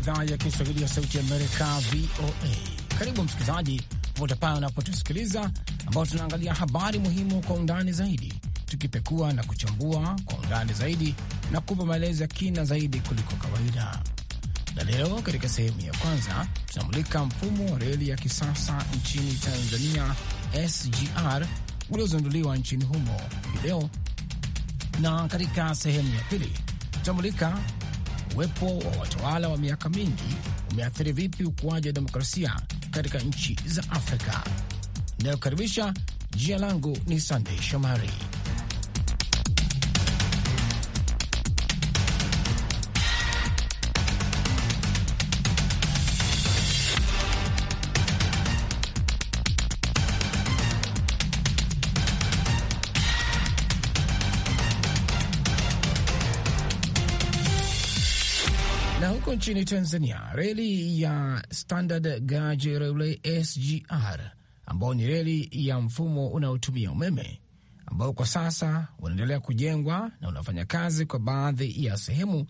idhaa ya Kiswahili ya Sauti ya Amerika, VOA. Karibu msikilizaji, popote pale unapotusikiliza, ambao tunaangalia habari muhimu kwa undani zaidi, tukipekua na kuchambua kwa undani zaidi na kupa maelezo ya kina zaidi kuliko kawaida. Na leo katika sehemu ya kwanza tunamulika mfumo wa reli ya kisasa nchini Tanzania, SGR, uliozinduliwa nchini humo hii leo, na katika sehemu ya pili tutamulika uwepo wa watawala wa miaka mingi umeathiri vipi ukuaji wa demokrasia katika nchi za Afrika. Inayokaribisha, jina langu ni Sandei Shomari. Nchini Tanzania, reli ya Standard Gauge Railway SGR, ambayo ni reli ya mfumo unaotumia umeme ambao kwa sasa unaendelea kujengwa na unafanya kazi kwa baadhi ya sehemu,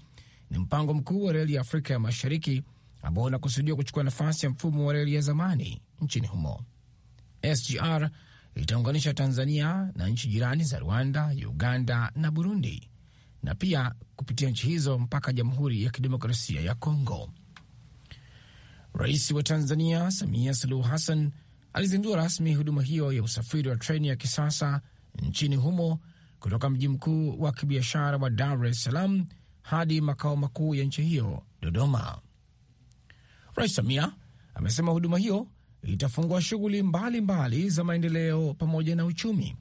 ni mpango mkuu wa reli ya Afrika ya Mashariki ambao unakusudiwa kuchukua nafasi ya mfumo wa reli ya zamani nchini humo. SGR itaunganisha Tanzania na nchi jirani za Rwanda, Uganda na Burundi na pia kupitia nchi hizo mpaka Jamhuri ya Kidemokrasia ya Kongo. Rais wa Tanzania Samia Suluhu Hassan alizindua rasmi huduma hiyo ya usafiri wa treni ya kisasa nchini humo kutoka mji mkuu wa kibiashara wa Dar es Salaam hadi makao makuu ya nchi hiyo Dodoma. Rais Samia amesema huduma hiyo itafungua shughuli mbalimbali za maendeleo pamoja na uchumi,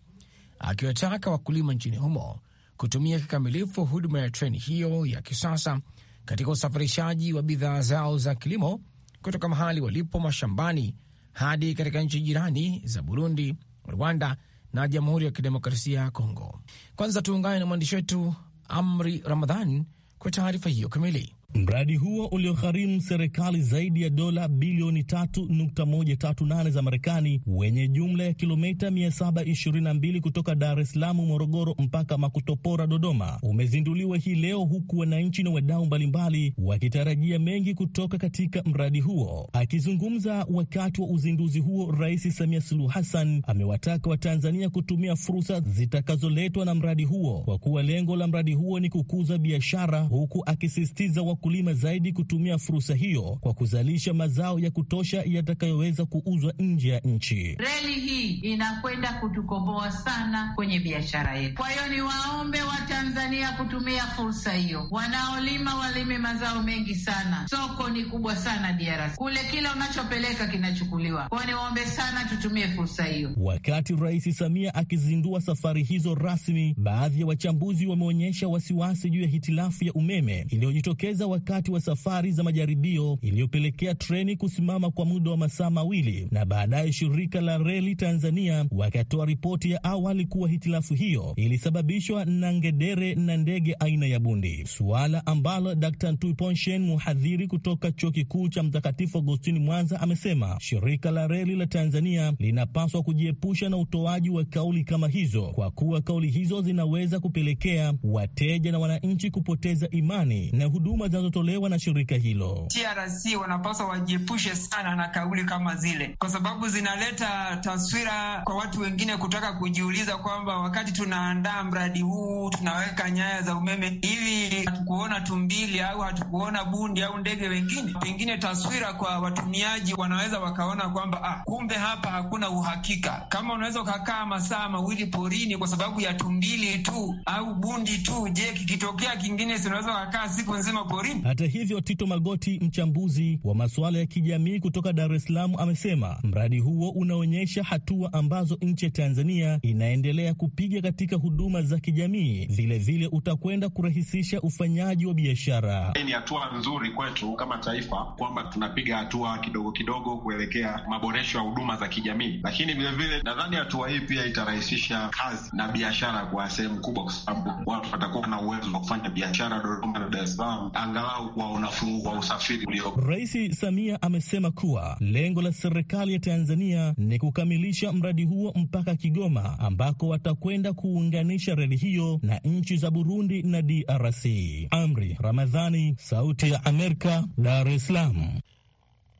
akiwataka wakulima nchini humo kutumia kikamilifu huduma ya treni hiyo ya kisasa katika usafirishaji wa bidhaa zao za kilimo kutoka mahali walipo mashambani hadi katika nchi jirani za Burundi, Rwanda na Jamhuri ya Kidemokrasia ya Kongo. Kwanza tuungane na mwandishi wetu Amri Ramadhan kwa taarifa hiyo kamili. Mradi huo uliogharimu serikali zaidi ya dola bilioni 3.138 za Marekani, wenye jumla ya kilomita 722 kutoka Dar es Salaam, Morogoro mpaka Makutopora, Dodoma, umezinduliwa hii leo, huku wananchi na wadau mbalimbali wakitarajia mengi kutoka katika mradi huo. Akizungumza wakati wa uzinduzi huo, Rais Samia Suluhu Hassan amewataka Watanzania kutumia fursa zitakazoletwa na mradi huo, kwa kuwa lengo la mradi huo ni kukuza biashara, huku akisisitiza wakulima zaidi kutumia fursa hiyo kwa kuzalisha mazao ya kutosha yatakayoweza kuuzwa nje ya nchi. Reli hii inakwenda kutukomboa sana kwenye biashara yetu. Kwa hiyo niwaombe Watanzania kutumia fursa hiyo, wanaolima walime mazao mengi sana. Soko ni kubwa sana DRC, kule kila unachopeleka kinachukuliwa. kwao niwaombe sana, tutumie fursa hiyo. Wakati Rais Samia akizindua safari hizo rasmi, baadhi ya wachambuzi wameonyesha wasiwasi juu ya hitilafu ya umeme iliyojitokeza wakati wa safari za majaribio iliyopelekea treni kusimama kwa muda wa masaa mawili, na baadaye shirika la reli Tanzania wakatoa ripoti ya awali kuwa hitilafu hiyo ilisababishwa na ngedere na ndege aina ya bundi, suala ambalo d Tuiponshen, mhadhiri kutoka chuo kikuu cha Mtakatifu Agostini Mwanza, amesema shirika la reli la Tanzania linapaswa kujiepusha na utoaji wa kauli kama hizo, kwa kuwa kauli hizo zinaweza kupelekea wateja na wananchi kupoteza imani na huduma za zinazotolewa na shirika hilo. TRC wanapaswa wajiepushe sana na kauli kama zile, kwa sababu zinaleta taswira kwa watu wengine kutaka kujiuliza kwamba wakati tunaandaa mradi huu, tunaweka nyaya za umeme, hivi hatukuona tumbili au hatukuona bundi au ndege wengine? Pengine taswira kwa watumiaji wanaweza wakaona kwamba ah, kumbe hapa hakuna uhakika. Kama unaweza ukakaa masaa mawili porini kwa sababu ya tumbili tu au bundi tu, je, kikitokea kingine, si unaweza ukakaa siku nzima porini? nini? Hata hivyo, Tito Magoti, mchambuzi wa masuala ya kijamii kutoka Dar es Salaam, amesema mradi huo unaonyesha hatua ambazo nchi ya Tanzania inaendelea kupiga katika huduma za kijamii, vilevile utakwenda kurahisisha ufanyaji wa biashara. Ni hatua nzuri kwetu kama taifa kwamba tunapiga hatua kidogo kidogo kuelekea maboresho ya huduma za kijamii, lakini vilevile nadhani hatua hii pia itarahisisha kazi na biashara kwa sehemu kubwa, kwa sababu watu watakuwa na uwezo wa kufanya biashara Dodoma na Dar es Salaam angalau kwa unafuu wa usafiri uliopo. Rais Samia amesema kuwa lengo la serikali ya Tanzania ni kukamilisha mradi huo mpaka Kigoma, ambako watakwenda kuunganisha reli hiyo na nchi za Burundi na DRC. Amri Ramadhani, Sauti ya Amerika, Dar es Salaam.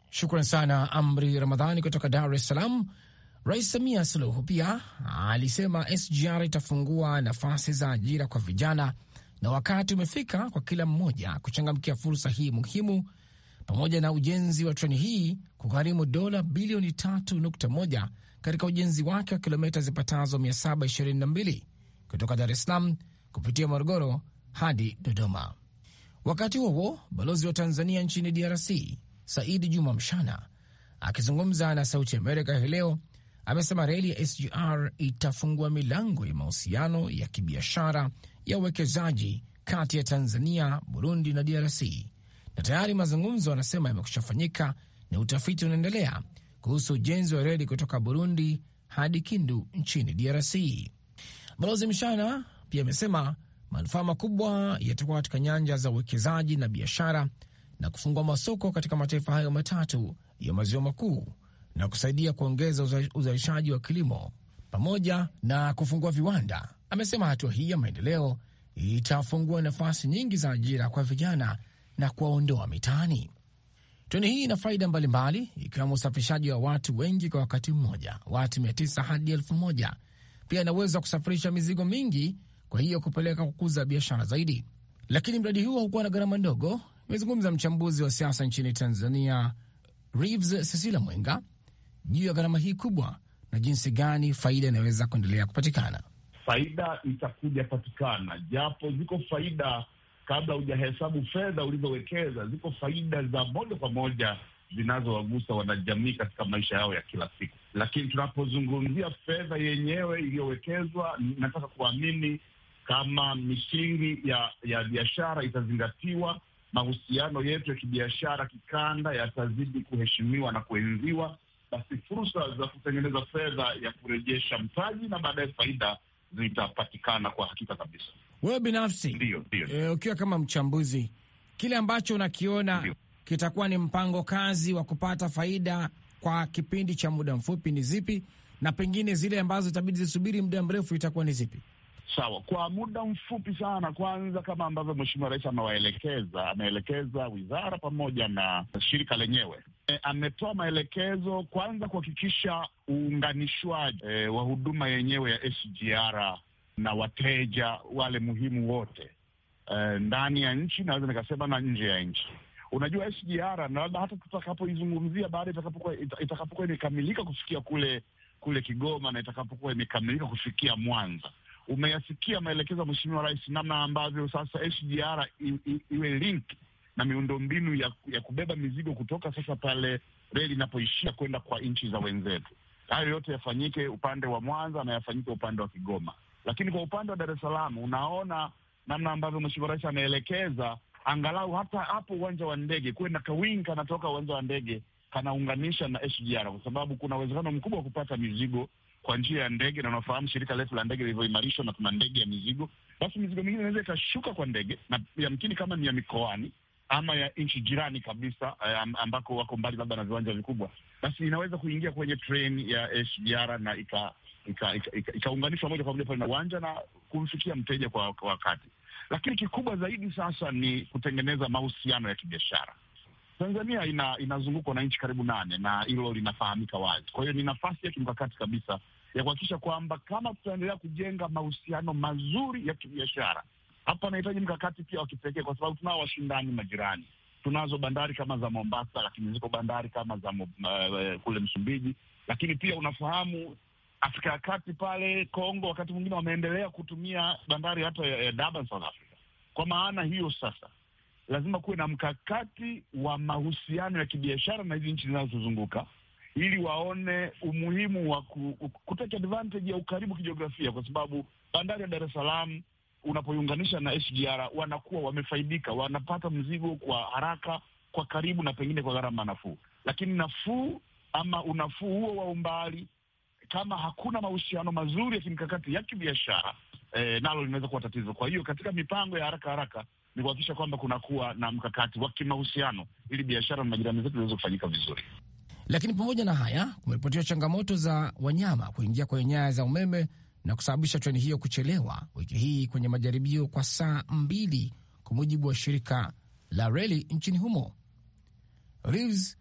Shukran sana Amri Ramadhani kutoka Dar es Salaam. Rais Samia Suluhu pia alisema SGR itafungua nafasi za ajira kwa vijana na wakati umefika kwa kila mmoja kuchangamkia fursa hii muhimu, pamoja na ujenzi wa treni hii kugharimu dola bilioni 3.1 katika ujenzi wake wa kilomita zipatazo 722 kutoka Dar es Salaam kupitia Morogoro hadi Dodoma. Wakati huo balozi wa Tanzania nchini DRC Saidi Juma Mshana akizungumza na Sauti Amerika hii leo amesema reli ya SGR itafungua milango ya mahusiano ya kibiashara ya uwekezaji kati ya Tanzania, Burundi na DRC, na tayari mazungumzo anasema yamekusha fanyika na utafiti unaendelea kuhusu ujenzi wa reli kutoka Burundi hadi Kindu nchini DRC. Balozi Mshana pia amesema manufaa makubwa yatakuwa katika nyanja za uwekezaji na biashara na kufungua masoko katika mataifa hayo matatu ya maziwa makuu na kusaidia kuongeza uzalishaji wa kilimo pamoja na kufungua viwanda. Amesema hatua hii ya maendeleo itafungua nafasi nyingi za ajira kwa vijana na kuwaondoa mitaani. Treni hii ina faida mbalimbali, ikiwemo usafirishaji wa watu wengi kwa wakati mmoja, watu mia tisa hadi elfu moja. Pia inaweza kusafirisha mizigo mingi, kwa hiyo kupeleka kukuza biashara zaidi. Lakini mradi huo hukuwa na gharama ndogo. Imezungumza mchambuzi wa siasa nchini Tanzania, Reeves Cecilia Mwenga juu ya gharama hii kubwa na jinsi gani faida inaweza kuendelea kupatikana? Faida itakuja patikana, japo ziko faida kabla hujahesabu fedha ulizowekeza, ziko faida za moja kwa moja zinazowagusa wanajamii katika maisha yao ya kila siku. Lakini tunapozungumzia fedha yenyewe iliyowekezwa, nataka kuamini kama misingi ya ya biashara itazingatiwa, mahusiano yetu ya kibiashara kikanda yatazidi kuheshimiwa na kuenziwa, basi fursa za kutengeneza fedha ya kurejesha mtaji na baadaye faida zitapatikana kwa hakika kabisa. Wewe binafsi ndio, ndio. E, ukiwa kama mchambuzi, kile ambacho unakiona kitakuwa ni mpango kazi wa kupata faida kwa kipindi cha muda mfupi ni zipi, na pengine zile ambazo itabidi zisubiri muda mrefu itakuwa ni zipi? Sawa, kwa muda mfupi sana. Kwanza, kama ambavyo Mheshimiwa Rais amewaelekeza, ameelekeza wizara pamoja na shirika lenyewe e, ametoa maelekezo kwanza kuhakikisha uunganishwaji e, wa huduma yenyewe ya SGR na wateja wale muhimu wote e, ndani ya nchi, naweza nikasema na nje ya nchi. Unajua SGR na labda hata tutakapoizungumzia baada itakapokuwa itakapokuwa imekamilika kufikia kule kule Kigoma na itakapokuwa imekamilika kufikia Mwanza umeyasikia maelekezo ya mheshimiwa rais, namna ambavyo sasa SGR iwe link na miundombinu ya, ya kubeba mizigo kutoka sasa pale reli inapoishia kwenda kwa nchi za wenzetu. Hayo yote yafanyike upande wa Mwanza na yafanyike upande wa Kigoma, lakini kwa upande wa Dar es Salaam unaona namna ambavyo mheshimiwa rais ameelekeza angalau hata hapo uwanja wa ndege kuwe na kawin kanatoka uwanja wa ndege kanaunganisha na SGR, kwa sababu kuna uwezekano mkubwa wa kupata mizigo kwa njia ya ndege, na unafahamu shirika letu la ndege lilivyoimarishwa, na tuna ndege ya mizigo, basi mizigo mingine inaweza ikashuka kwa ndege, na yamkini kama ni ya mikoani ama ya nchi jirani kabisa ambako wako mbali labda na viwanja vikubwa, basi inaweza kuingia kwenye treni ya SGR na ika ikaunganishwa ika, ika, ika moja kwa moja pale na uwanja na kumfikia mteja kwa wakati. Lakini kikubwa zaidi sasa ni kutengeneza mahusiano ya kibiashara. Tanzania ina, inazungukwa na nchi karibu nane na hilo linafahamika wazi. Kwa hiyo ni nafasi ya kimkakati kabisa ya kuhakikisha kwamba kama tutaendelea kujenga mahusiano mazuri ya kibiashara, hapa anahitaji mkakati pia wa kipekee, kwa sababu tunao washindani majirani. Tunazo bandari kama za Mombasa, lakini ziko bandari kama za uh, kule Msumbiji, lakini pia unafahamu Afrika ya Kati pale Kongo, wakati mwingine wameendelea kutumia bandari hata ya, ya Durban, South Africa. Kwa maana hiyo sasa lazima kuwe na mkakati wa mahusiano ya kibiashara na hizi nchi zinazozunguka ili waone umuhimu wa kutake advantage ya ukaribu kijiografia, kwa sababu bandari ya Dar es Salaam unapoiunganisha na SGR wanakuwa wamefaidika, wanapata mzigo kwa haraka, kwa karibu na pengine kwa gharama nafuu. Lakini nafuu ama unafuu huo wa umbali, kama hakuna mahusiano mazuri ya kimkakati ya kibiashara e, nalo linaweza kuwa tatizo. Kwa hiyo katika mipango ya haraka haraka ni kuhakikisha kwamba kunakuwa na mkakati wa kimahusiano ili biashara na majirani zetu ziweze kufanyika vizuri. Lakini pamoja na haya, kumeripotiwa changamoto za wanyama kuingia kwenye nyaya za umeme na kusababisha treni hiyo kuchelewa wiki hii kwenye majaribio kwa saa mbili, kwa mujibu wa shirika la reli nchini humo. Reeves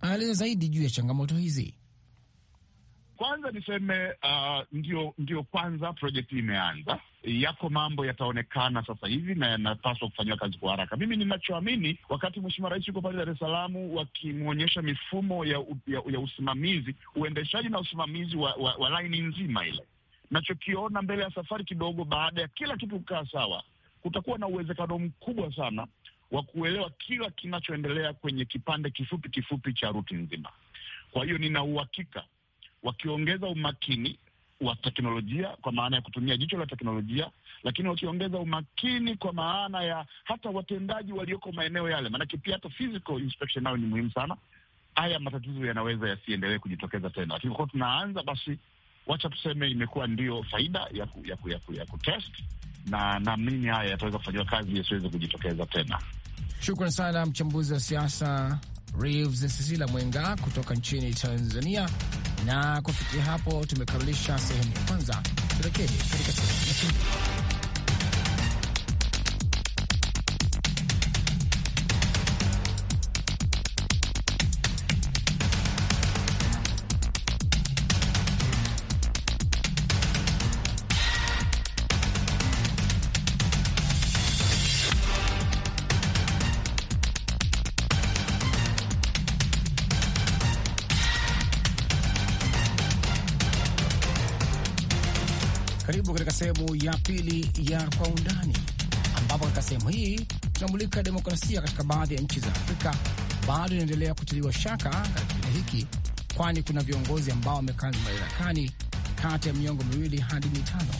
anaeleza zaidi juu ya changamoto hizi. Kwanza niseme uh, ndio, ndio kwanza projekti imeanza, yako mambo yataonekana sasa hivi na yanapaswa kufanyiwa kazi kwa haraka. Mimi ninachoamini, wakati Mheshimiwa Rais yuko pale Dar es Salaam, wakimwonyesha mifumo ya, ya, ya usimamizi, uendeshaji na usimamizi wa, wa, wa laini nzima ile, nachokiona mbele ya safari kidogo, baada ya kila kitu kukaa sawa, kutakuwa na uwezekano mkubwa sana wa kuelewa kila kinachoendelea kwenye kipande kifupi kifupi cha ruti nzima. Kwa hiyo nina uhakika wakiongeza umakini wa teknolojia kwa maana ya kutumia jicho la teknolojia, lakini wakiongeza umakini kwa maana ya hata watendaji walioko maeneo yale, maanake pia hata physical inspection nayo ni muhimu sana. Haya matatizo yanaweza yasiendelee kujitokeza tena, lakini kwa tunaanza basi, wacha tuseme imekuwa ndiyo faida ya ku, ya ku, ya ku, ya ku test, na naamini haya yataweza kufanyiwa kazi yasiweze kujitokeza tena. Shukran sana mchambuzi wa siasa Reeves Sisila Mwenga kutoka nchini Tanzania na kufikia hapo tumekamilisha sehemu ya kwanza. Turekeni katika sehemu ya pili. pili ya Kwa Undani, ambapo katika sehemu hii tunamulika demokrasia katika baadhi ya nchi za Afrika bado inaendelea kutiliwa shaka katika kipindi hiki, kwani kuna viongozi ambao wamekaa madarakani kati ya miongo miwili hadi mitano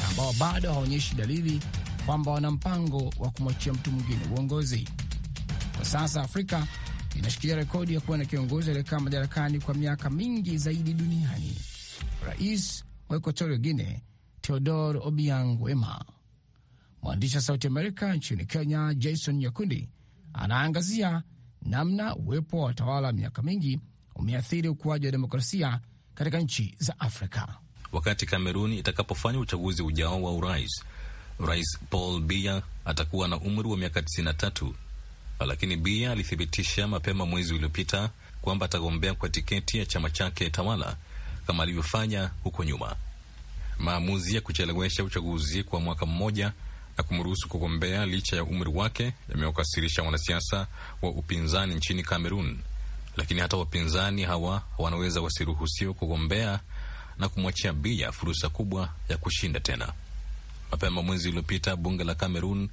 na ambao bado hawaonyeshi dalili kwamba wana mpango wa kumwachia mtu mwingine uongozi. Kwa sasa Afrika inashikilia rekodi ya kuwa na kiongozi aliyekaa madarakani kwa miaka mingi zaidi duniani. Rais wa Ekuatorio Guine teodor Obiang Wema. Mwandishi wa Sauti Amerika nchini Kenya, Jason Nyakundi, anaangazia namna uwepo wa watawala wa miaka mingi umeathiri ukuaji wa demokrasia katika nchi za Afrika. Wakati Kameruni itakapofanya uchaguzi ujao wa urais, Rais Paul Biya atakuwa na umri wa miaka 93, lakini Biya alithibitisha mapema mwezi uliopita kwamba atagombea kwa tiketi ya chama chake tawala kama alivyofanya huko nyuma. Maamuzi ya kuchelewesha uchaguzi kwa mwaka mmoja na kumruhusu kugombea licha ya umri wake yamewakasirisha wanasiasa wa upinzani nchini Kamerun, lakini hata wapinzani hawa wanaweza wasiruhusiwe kugombea na kumwachia Biya fursa kubwa ya kushinda tena. Mapema mwezi uliopita, bunge la Kamerun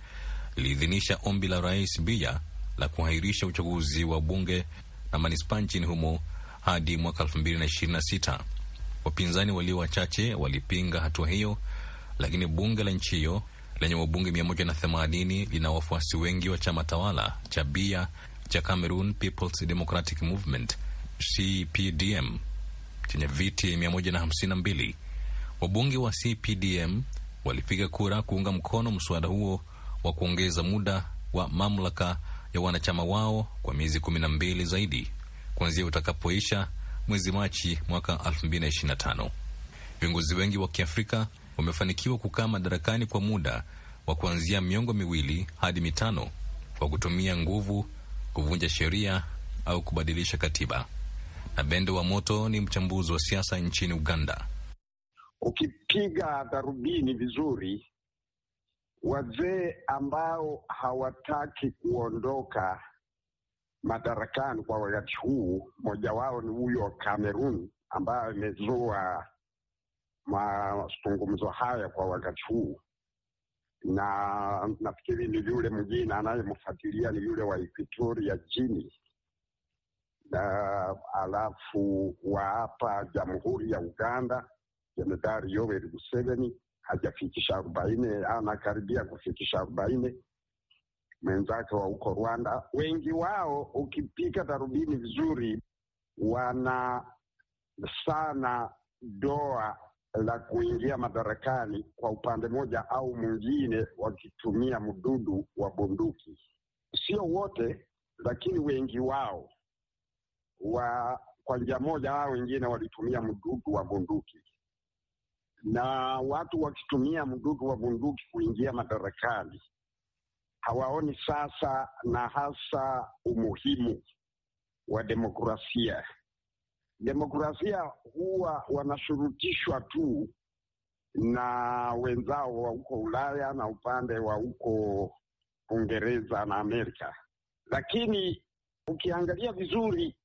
liliidhinisha ombi la Rais Biya la kuahirisha uchaguzi wa bunge na manispaa nchini humo hadi mwaka elfu mbili na ishirini na sita. Wapinzani walio wachache walipinga hatua hiyo, lakini bunge la nchi hiyo lenye wabunge 180 lina wafuasi wengi wa chama tawala cha bia cha Cameroon People's Democratic Movement CPDM chenye viti 152. Wabunge wa CPDM walipiga kura kuunga mkono mswada huo wa kuongeza muda wa mamlaka ya wanachama wao kwa miezi kumi na mbili zaidi kuanzia utakapoisha mwezi Machi mwaka 2025. Viongozi wengi wa Kiafrika wamefanikiwa kukaa madarakani kwa muda wa kuanzia miongo miwili hadi mitano kwa kutumia nguvu, kuvunja sheria au kubadilisha katiba. Na Bendo wa Moto ni mchambuzi wa siasa nchini Uganda. Ukipiga darubini vizuri, wazee ambao hawataki kuondoka madarakani kwa wakati huu, mmoja wao ni huyo Kamerun ambayo amezua mazungumzo haya kwa wakati huu, na nafikiri ni yule mwingine anayemfuatilia ni yule wa Equatoria Guinea, na alafu wa hapa Jamhuri ya Uganda Jenerali Yoweri Museveni hajafikisha arobaini, anakaribia kufikisha arobaini mwenzake wa huko Rwanda. Wengi wao ukipiga darubini vizuri, wana sana doa la kuingia madarakani kwa upande mmoja au mwingine, wakitumia mdudu wa bunduki. Sio wote, lakini wengi wao wa kwa njia moja au wengine walitumia mdudu wa bunduki, na watu wakitumia mdudu wa bunduki kuingia madarakani hawaoni sasa na hasa umuhimu wa demokrasia. Demokrasia huwa wanashurutishwa tu na wenzao wa huko Ulaya na upande wa huko Uingereza na Amerika, lakini ukiangalia vizuri,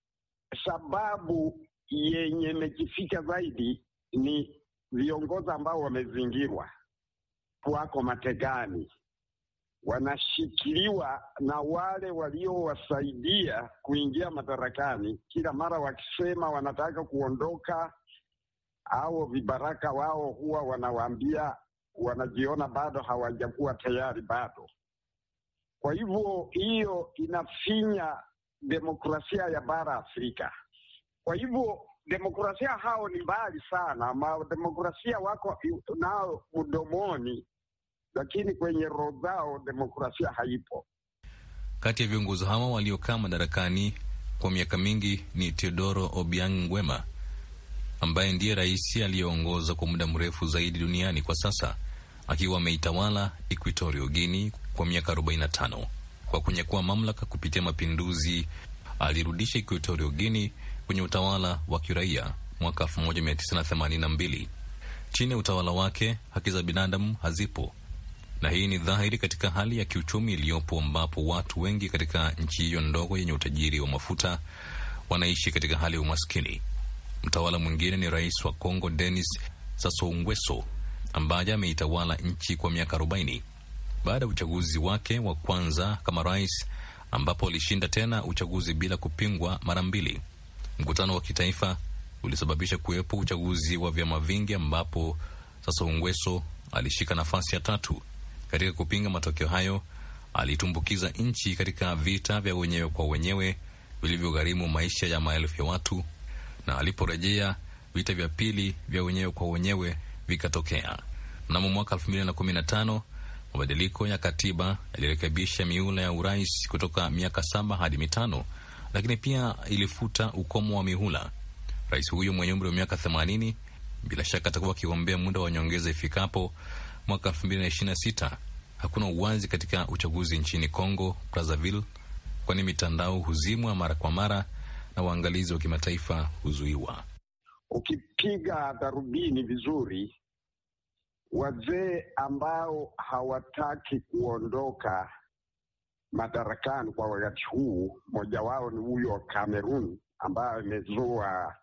sababu yenye imejifika zaidi ni viongozi ambao wamezingirwa, wako mategani, wanashikiliwa na wale waliowasaidia kuingia madarakani. Kila mara wakisema wanataka kuondoka, au vibaraka wao huwa wanawaambia, wanajiona bado hawajakuwa tayari bado. Kwa hivyo hiyo inafinya demokrasia ya bara Afrika. Kwa hivyo demokrasia hao ni mbali sana, ma demokrasia wako nao mdomoni lakini kwenye roho zao demokrasia haipo. Kati ya viongozi hawa waliokaa madarakani kwa miaka mingi ni Teodoro Obiang Nguema ambaye ndiye rais aliyeongoza kwa muda mrefu zaidi duniani kwa sasa akiwa ameitawala Equatorial Guinea kwa miaka 45. Kwa kunyakua mamlaka kupitia mapinduzi, alirudisha Equatorial Guinea kwenye utawala wa kiraia mwaka 1982. Chini ya utawala wake haki za binadamu hazipo na hii ni dhahiri katika hali ya kiuchumi iliyopo ambapo watu wengi katika nchi hiyo ndogo yenye utajiri wa mafuta wanaishi katika hali ya umaskini. Mtawala mwingine ni rais wa Kongo Denis Sassou Nguesso ambaye ameitawala nchi kwa miaka arobaini baada ya uchaguzi wake wa kwanza kama rais, ambapo alishinda tena uchaguzi bila kupingwa mara mbili. Mkutano wa kitaifa ulisababisha kuwepo uchaguzi wa vyama vingi, ambapo Sassou Nguesso alishika nafasi ya tatu katika kupinga matokeo hayo, alitumbukiza nchi katika vita vya wenyewe kwa wenyewe vilivyogharimu maisha ya maelfu ya watu, na aliporejea vita vya pili vya wenyewe kwa wenyewe vikatokea. Mnamo mwaka elfu mabadiliko ya katiba yalirekebisha miula ya urais kutoka miaka saba hadi mitano, lakini pia ilifuta ukomo wa mihula. Rais huyo mwenye umri wa miaka themanini bila shaka atakuwa akigombea muda wa nyongeza ifikapo mwaka 2026 hakuna uwazi katika uchaguzi nchini Congo Brazzaville, kwani mitandao huzimwa mara kwa mara na waangalizi wa kimataifa huzuiwa. Ukipiga darubini vizuri, wazee ambao hawataki kuondoka madarakani kwa wakati huu, mmoja wao ni huyo wa Kamerun ambayo imezua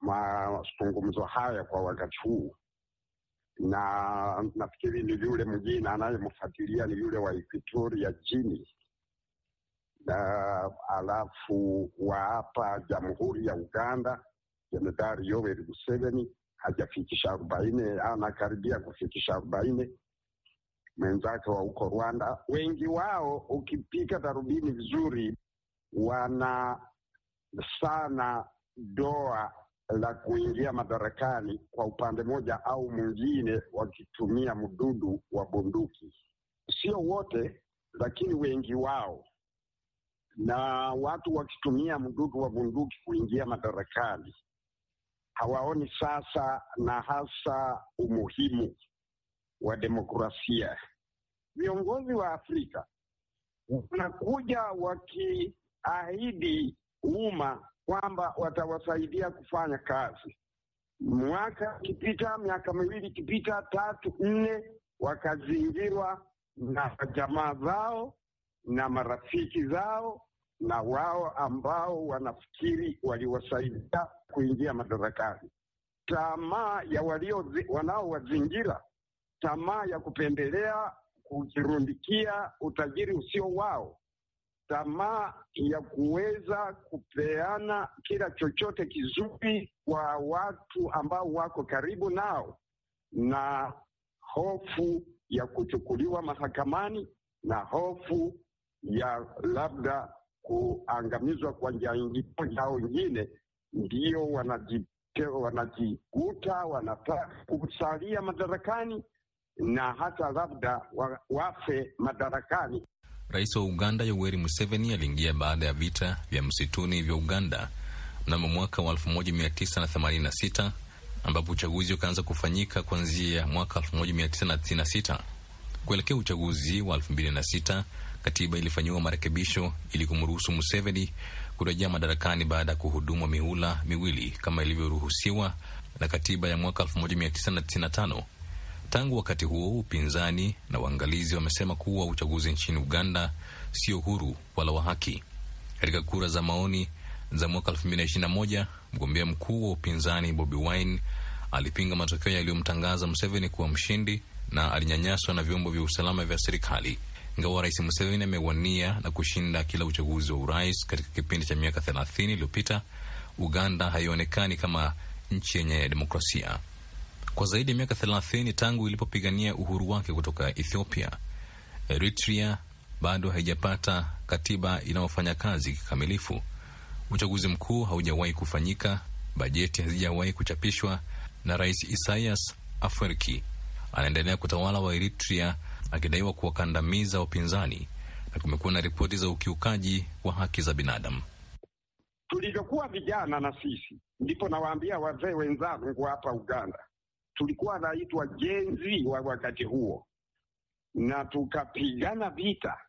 mazungumzo haya kwa wakati huu na nafikiri ni yule mwingine anayemfuatilia ni yule wa Equatoria jini na alafu wa hapa Jamhuri ya Uganda Jenerali Yoweri Museveni hajafikisha arobaini, anakaribia kufikisha arobaini. Mwenzake wa huko Rwanda, wengi wao ukipiga darubini vizuri, wana sana doa la kuingia madarakani kwa upande mmoja au mwingine, wakitumia mdudu wa bunduki. Sio wote, lakini wengi wao, na watu wakitumia mdudu wa bunduki kuingia madarakani hawaoni sasa na hasa umuhimu wa demokrasia. Viongozi wa Afrika wanakuja wakiahidi umma kwamba watawasaidia kufanya kazi. Mwaka ikipita, miaka miwili ikipita, tatu, nne, wakazingirwa na jamaa zao na marafiki zao na wao ambao wanafikiri waliwasaidia kuingia madarakani. Tamaa ya walio wanaowazingira, tamaa ya kupendelea kujirundikia utajiri usio wao, tamaa ya kuweza kupeana kila chochote kizuri kwa watu ambao wako karibu nao, na hofu ya kuchukuliwa mahakamani, na hofu ya labda kuangamizwa kwa njia nyingine au nyingine, ndio wanajikuta wanataka kusalia madarakani na hata labda wafe madarakani. Rais wa Uganda Yoweri Museveni aliingia baada ya vita vya msituni vya Uganda mnamo mwaka wa 1986 ambapo uchaguzi ukaanza kufanyika kuanzia mwaka 1996 kuelekea uchaguzi wa 2006. Katiba ilifanyiwa marekebisho ili kumruhusu Museveni kurejea madarakani baada ya kuhudumu mihula miwili kama ilivyoruhusiwa na katiba ya mwaka 1995 Tangu wakati huo, upinzani na waangalizi wamesema kuwa uchaguzi nchini Uganda sio huru wala wa haki. Katika kura za maoni za mwaka 2021 mgombea mkuu wa upinzani Bobi Wine alipinga matokeo yaliyomtangaza Museveni kuwa mshindi na alinyanyaswa na vyombo vya usalama vya serikali. Ingawa Rais Museveni amewania na kushinda kila uchaguzi wa urais katika kipindi cha miaka 30 iliyopita, Uganda haionekani kama nchi yenye demokrasia kwa zaidi ya miaka thelathini tangu ilipopigania uhuru wake kutoka Ethiopia. Eritrea bado haijapata katiba inayofanya kazi kikamilifu. Uchaguzi mkuu haujawahi kufanyika, bajeti hazijawahi kuchapishwa, na Rais Isaias Afwerki anaendelea kutawala wa Eritrea akidaiwa kuwakandamiza wapinzani, na kumekuwa na ripoti za ukiukaji wa haki za binadamu. Tulivyokuwa vijana na sisi ndipo nawaambia wazee wenzangu hapa Uganda tulikuwa naitwa jenzi wa wakati huo, na tukapigana vita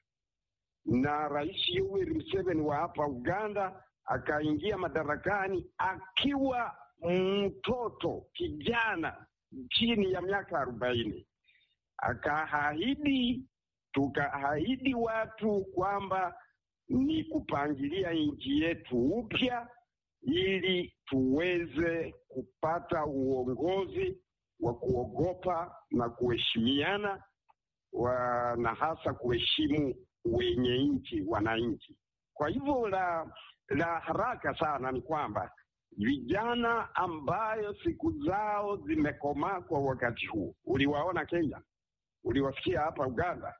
na Rais Yoweri Museveni wa hapa Uganda akaingia madarakani akiwa mtoto kijana chini ya miaka arobaini. Akaahidi, tukaahidi watu kwamba ni kupangilia nchi yetu upya ili tuweze kupata uongozi wa kuogopa na kuheshimiana wa, na hasa kuheshimu wenye nchi, wananchi. Kwa hivyo la, la haraka sana ni kwamba vijana ambayo siku zao zimekomaa kwa wakati huu, uliwaona Kenya, uliwasikia hapa Uganda,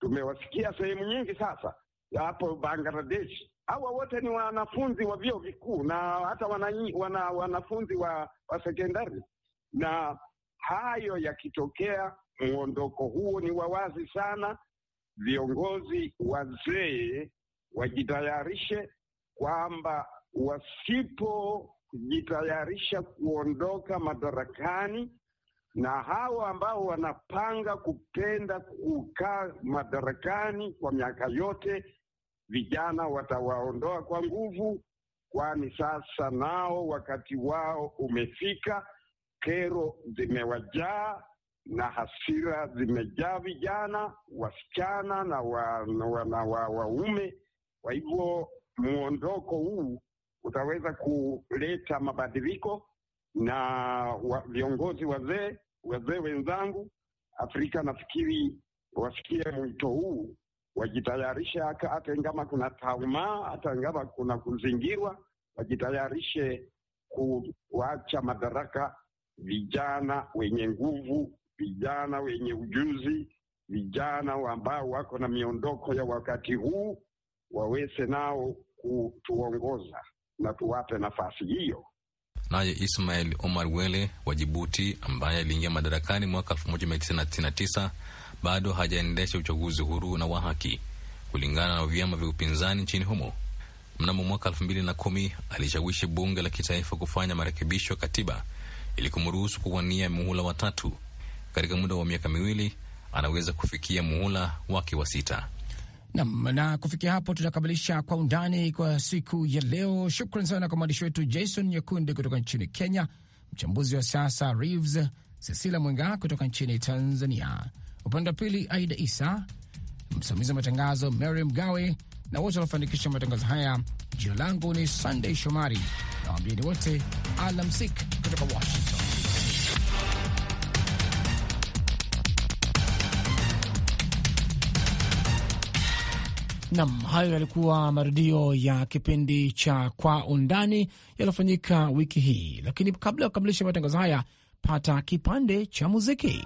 tumewasikia sehemu nyingi sasa hapo Bangladesh. Hawa wote ni wanafunzi wa vyuo vikuu na hata wana, wana, wanafunzi wa, wa sekondari na Hayo yakitokea, muondoko huo ni wa wazi sana. Viongozi wazee wajitayarishe kwamba wasipojitayarisha kuondoka madarakani na hawa ambao wanapanga kupenda kukaa madarakani kwa miaka yote, vijana watawaondoa kwa nguvu, kwani sasa nao wakati wao umefika kero zimewajaa na hasira zimejaa vijana, wasichana na waume. Kwa hivyo muondoko huu utaweza kuleta mabadiliko, na wa, viongozi wazee wazee wenzangu Afrika nafikiri wasikie mwito huu, wajitayarishe, hata ingama kuna taumaa, hata ingama kuna kuzingirwa, wajitayarishe kuacha madaraka vijana wenye nguvu, vijana wenye ujuzi, vijana ambao wako na miondoko ya wakati huu waweze nao kutuongoza na tuwape nafasi hiyo. Naye Ismail Omar Wele wa Jibuti, ambaye aliingia madarakani mwaka 1999 bado hajaendesha uchaguzi huru na wa haki kulingana na vyama vya upinzani nchini humo. Mnamo mwaka 2010 alishawishi bunge la kitaifa kufanya marekebisho ya katiba ili kumruhusu kuwania muhula wa tatu. Katika muda wa miaka miwili anaweza kufikia muhula wake wa sita. Nam, na kufikia hapo tunakamilisha Kwa Undani kwa siku ya leo. Shukran sana kwa mwandishi wetu Jason nyekundi kutoka nchini Kenya, mchambuzi wa siasa Reeves Cecilia Mwenga kutoka nchini Tanzania, upande wa pili Aida Isa, msimamizi wa matangazo Mary Mgawe na wote wanafanikisha matangazo haya. Jina langu ni Sunday Shomari na wageni wote, alamsik kutoka Washington. Nam, hayo yalikuwa marudio ya kipindi cha Kwa Undani yaliyofanyika wiki hii, lakini kabla ya kukamilisha matangazo haya, pata kipande cha muziki.